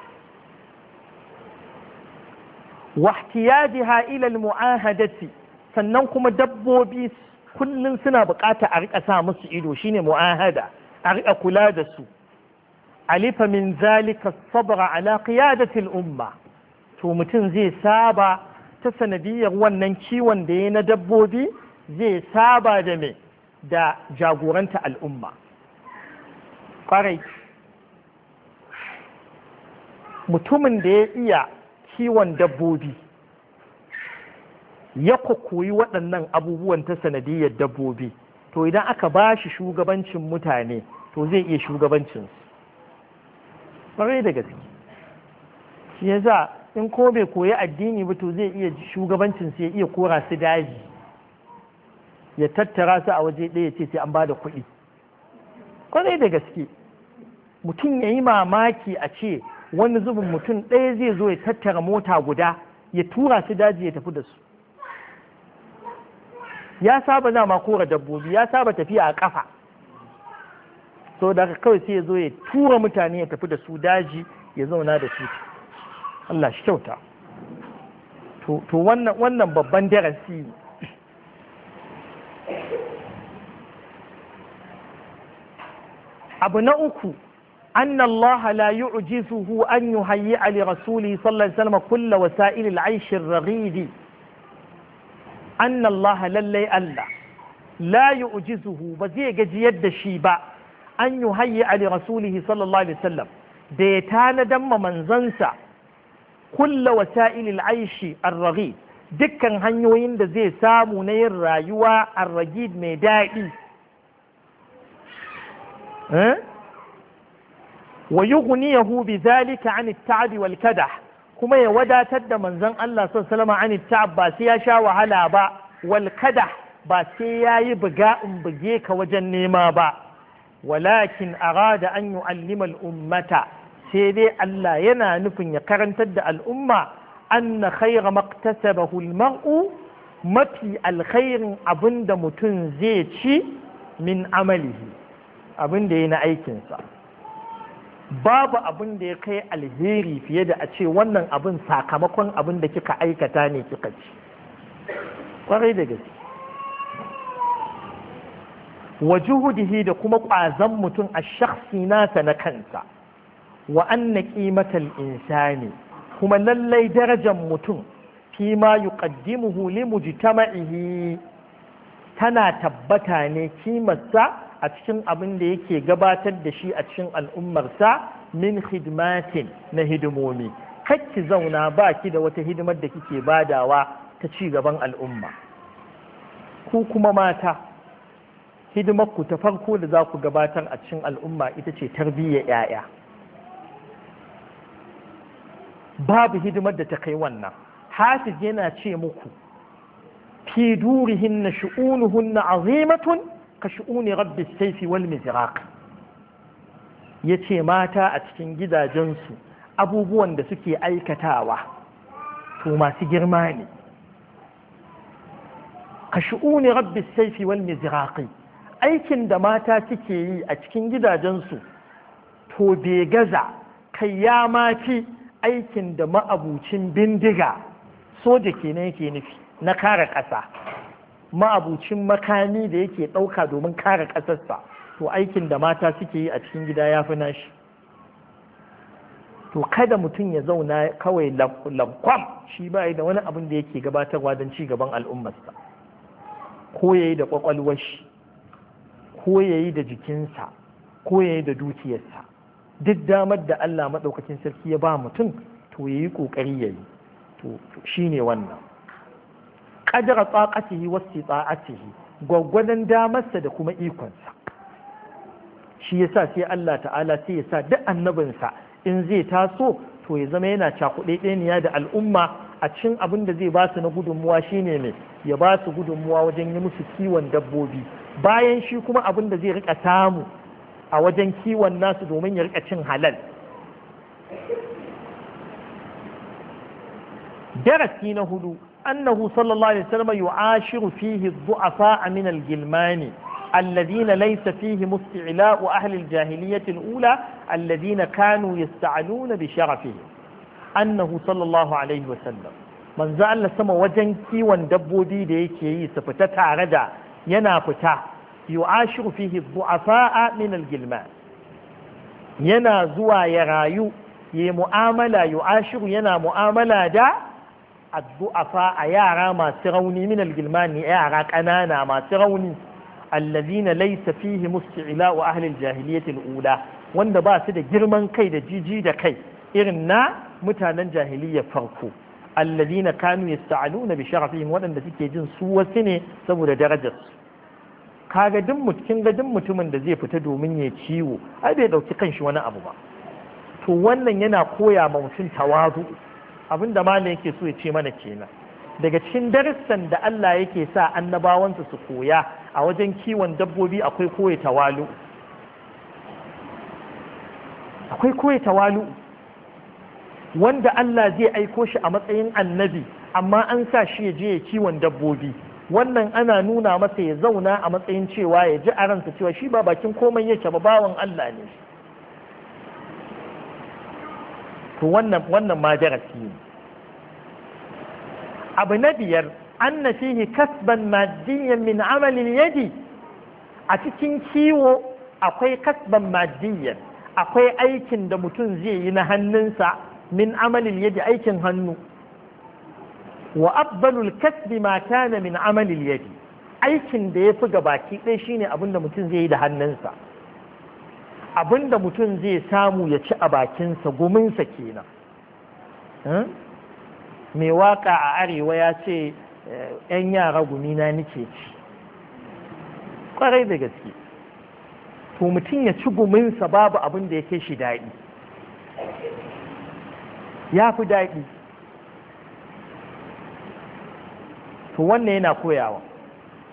wahtiyajiha ilal mu'ahadati sannan kuma dabbobi kullum suna buƙata a riƙa sa musu ido shine mu'ahada a riƙa kula da su alifa min zalika sabra ala qiyadati al-umma to mutum zai saba ta sanadiyar wannan kiwon da ya na dabbobi zai saba da mai da jagoranta al'umma ƙwarai mutumin da ya iya kiwon dabbobi ya koyi waɗannan abubuwan ta sanadiyar dabbobi to idan aka ba shi shugabancin mutane to zai iya shugabancinsu ƙwarai da gaske shi in ko bai koyi addini ba to zai iya shugabancin sai iya kora su daji ya tattara su a waje ɗaya ce sai an ba da kuɗi kwarai da gaske mutum ya yi mamaki a ce wani zubin mutum ɗaya zai zo ya tattara mota guda ya tura su daji ya tafi da su ya saba dama kora dabbobi ya saba tafiya a ƙafa so da kawai sai ya zo ya tura mutane ya tafi da su daji ya zauna da su Allah shi kyauta to wannan babban darasi abu na uku أن الله لا يعجزه أن يهيئ لرسوله صلى الله عليه وسلم كل وسائل العيش الرغيد أن الله للي ألا لا يعجزه بزي جيد الشيبا أن يهيئ لرسوله صلى الله عليه وسلم ديتان دم من زنسا kulla wasa'ilil aishi al-Ragid, dukkan hanyoyin da zai samu na yin rayuwa Al-Ragid mai daɗi eh? wa yughniyahu ya an at-ta'b wal kadah kuma ya wadatar da manzon Allah sallallahu alaihi wasallam ba sai ya sha wahala ba wal kadah ba sai yayi buga in buge ka wajen nema ba walakin arada an yu'allima al-ummata sai dai Allah yana nufin ya karantar da al'umma anna khaira maqtasabahu al-mar'u mafi alkhairin abinda mutum zai ci min amalihi Abin da ya na aikinsa babu abin da ya kai alheri fiye da a ce wannan abin sakamakon abin da kika aikata ne kika ci kwarai da gaske wa da kuma ƙwazon mutum a shakhsi nasa na kansa wa anna qimatal insani kuma lallai darajar mutum fi ma yuqaddimuhu li mujtama'ihi tana tabbata ne kimarsa a cikin abin da yake gabatar da shi a cikin al'ummarsa min hidmatin na hidimomi ki zauna ba ki da wata hidimar da kike badawa ta ci gaban al'umma ku kuma mata hidimarku ta farko da za ku gabatar a cikin al'umma ita ce tarbiyyar 'ya'ya babu hidimar da ta kai wannan hafiz yana ce muku fi durihinna shu'unuhunna azimatun ka shu'uni rabbi saifi wal mizraq ce mata a cikin gidajensu abubuwan da suke aikatawa to masu girma ne ka shu'uni rabbi saifi wal mizraqi aikin da mata suke yi a cikin gidajensu to bai gaza kai ya mafi aikin da ma'abucin bindiga soja kenan yake nufi na kare ƙasa ma'abucin makami da yake ɗauka domin kare ƙasarsa to aikin da mata suke yi a cikin gida ya fi nashi to kada mutum ya zauna kawai lankwam shi ba da wani abin da yake gabatarwa don ci gaban al'ummarsa ko ya yi da ƙwaƙwalwar shi ko ya yi da jikinsa ko ya yi da dukiyarsa duk damar da Allah maɗaukacin sarki ya ba mutum to ya yi ƙoƙari ya yi. to shine wannan wasu taqatihi wastita'atihi gwaggwadon damarsa da kuma ikonsa shi ya sa sai Allah ta'ala sai ya sa duk annabinsa in zai taso to ya zama yana cakuɗe da al'umma a cikin abin da zai ba su na gudunmuwa shine ne ya ba su gudunmuwa wajen yi musu kiwon dabbobi bayan shi kuma abin da zai rika samu a wajen kiwon nasu domin ya rika cin halal darasi na hudu annahu sallallahu alaihi wasallam yu'ashiru fihi du'afa min al-gilmani الذين ليس فيهم استعلاء أهل الجاهلية الأولى الذين كانوا يستعلون بشرفهم أنه صلى الله عليه وسلم من زعل سما وجنكي واندبودي ديكي ستفتت عردا ينا فتاه yu'ashiru fihi du'afa'a min al-gilman yana zuwa ya rayu ya mu'amala yu'ashiru yana mu'amala da addu'afa a yara masu rauni min al-gilmani yara ƙanana masu rauni allazina laysa fihi musti'ila wa ahli al-jahiliyyati al-ula wanda ba su da girman kai da jiji da kai irin na mutanen jahiliyyar farko allazina kanu yasta'aluna bi sharafihim waɗanda suke jin su wasu ne saboda darajarsu kaga duk mutum ga duk mutumin da zai fita domin ya ciwo ai bai dauki kanshi wani abu ba to wannan yana koya ma mutum tawazu abinda malam yake so ya ce mana kenan daga cikin darussan da Allah yake sa annabawansa su koya a wajen kiwon dabbobi akwai koya tawalu akwai koya tawalu wanda Allah zai aiko shi a matsayin annabi amma an sa shi ya je kiwon dabbobi wannan ana nuna masa ya zauna a matsayin cewa ya ji a ransa cewa shi ba bakin komai yake ba bawan Allah ne to wannan wannan ma ne abu na biyar anna fihi kasban maddiyan min amalin yadi a cikin kiwo akwai kasban maddiyan akwai aikin da mutum zai yi na hannunsa min amalin yadi aikin hannu wa abbalul kasbi ma kana min amalil yadi aikin da ya fi gabaki ɗaya shine abinda mutum zai yi da hannunsa abinda mutum zai samu ya ci a bakinsa guminsa kenan mai hmm? waka a arewa ya ce eh, yan yara gumina nike ci kwarai da gaske to mutum ya ci guminsa babu abin da ya kai shi daɗi ya fi daɗi to wannan yana koyawa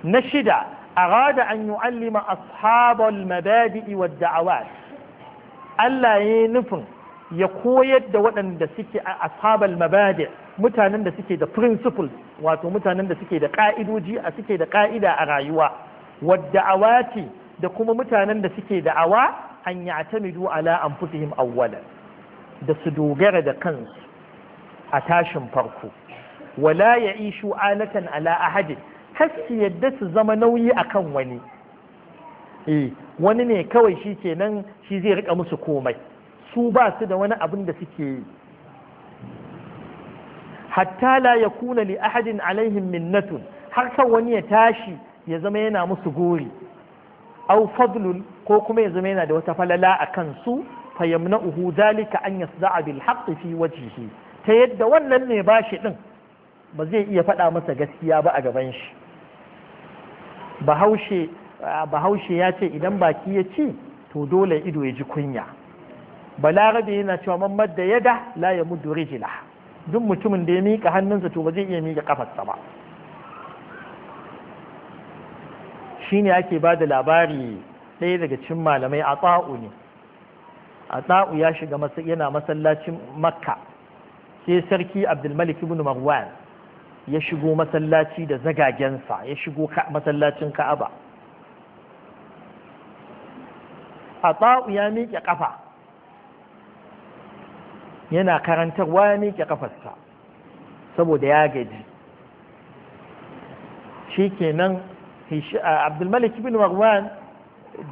na shida arada an allima ashabal mabadi'i wad da'awat Allah ya nufin ya koyar da waɗanda suke a ashabal mabadi mutanen da suke da principles wato mutanen da suke da ka'idoji a suke da ka'ida a rayuwa wadda awati da kuma mutanen da suke da'awa an atamidu ala anfusihim awwalan da su dogara da kansu a tashin farko wala ya ishu alatan ala ahadi kar su yadda su zama nauyi akan wani wani ne kawai shi kenan shi zai rika musu komai su ba su da wani abin da suke yi hatta la yakuna li ahadin alaihim minnatun har kan wani ya tashi ya zama yana musu gori au fadlun ko kuma ya zama yana da wata falala a kansu fa yamna'uhu zalika an yasda'a bil haqqi fi wajhihi ta yadda wannan ne bashi din ba zai iya faɗa masa gaskiya ba a gaban shi bahaushe ya ce idan baki ya ci to dole ido ya ji kunya balarabe yana cewa Mamad da yada la ya mudu rijila duk mutumin da ya miƙa hannunsa to ba zai iya miƙa kafarsa ba shi ne ake ba da labari ɗaya daga cikin malamai a tsa'u ne a tsa'u ya shiga yana masallacin makka sai sarki abdulmalik ibn marwan ya shigo masallaci da zagagensa ya shigo masallacin ka'aba a tsawo ya miƙe ƙafa yana karantarwa ya miƙe ƙafarsa saboda ya gaji shi kenan abdulmalik bin marwan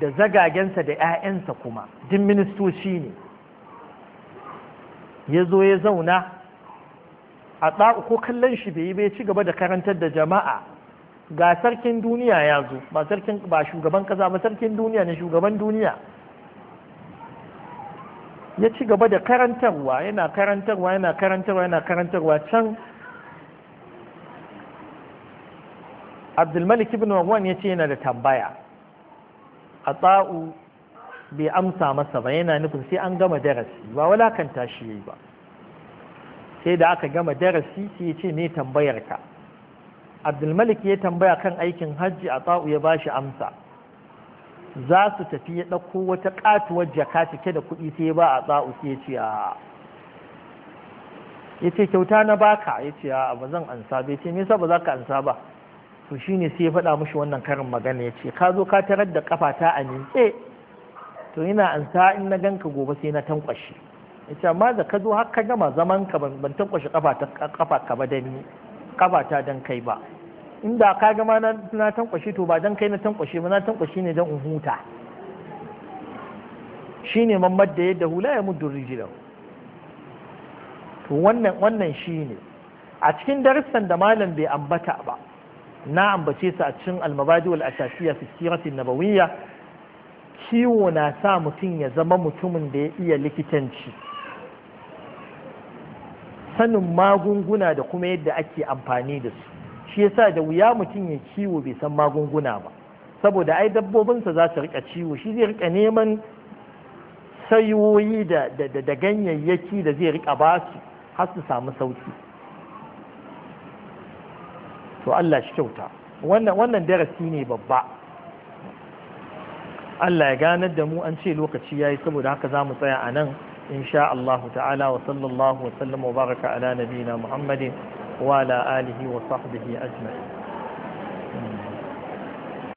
da zagagensa da 'ya'yansa kuma din ministoci ne ya zo ya zauna a ɗa'u ko kallon shi bai yi bai ci gaba da karantar da jama'a ga sarkin duniya ya zo ba sarkin ba shugaban kasa ba sarkin duniya ne shugaban duniya ya ci gaba da karantarwa yana karantarwa yana karantarwa yana karantarwa can abdulmalik ibn marwan ya ce yana da tambaya a tsa'u bai amsa masa ba yana nufin sai an gama darasi ba walakanta shi ba sai da aka gama darasi sai ya ce me tambayar abdulmalik ya tambaya kan aikin hajji a ta'u ya bashi amsa za su tafi ya ɗauko wata ƙatuwar jaka cike da kuɗi sai ba a tsa'u sai ya ce a ya ce kyauta na baka ya ce a ba zan ansa ba ya ce nisa ba za ka ansa ba to shine sai ya faɗa mushi wannan karin magana ya ce ka zo ka tarar da kafata a nintse to ina ansa in na ganka gobe sai na tankwashe yace amma da ka zo har ka gama zaman ka ban tankwashe kafa ka ba dan ni kafa ta kai ba inda ka gama na tankwashe to ba don kai na tankwashe ba na tankwashe ne don huta huta shine mamad da yadda hula ya mudu rijilau to wannan wannan ne a cikin darussan da malam bai ambata ba na ambace su a cikin almabadi wal asasiya fi siratin nabawiyya ciwo na sa mutum ya zama mutumin da ya iya likitanci sanin magunguna da kuma yadda ake amfani da su shi yasa da wuya mutum ya ciwo bai san magunguna ba saboda ai dabbobinsa za su rika ciwo shi zai rika neman sayoyi da ganyayyaki da zai rika ba su har su samu sauki to Allah shi kyauta wannan darasi ne babba Allah ya ganar da mu an ce lokaci yayi saboda haka za mu tsaya a nan إن شاء الله تعالى وصلى الله وسلم وبارك على نبينا محمد وعلى آله وصحبه أجمعين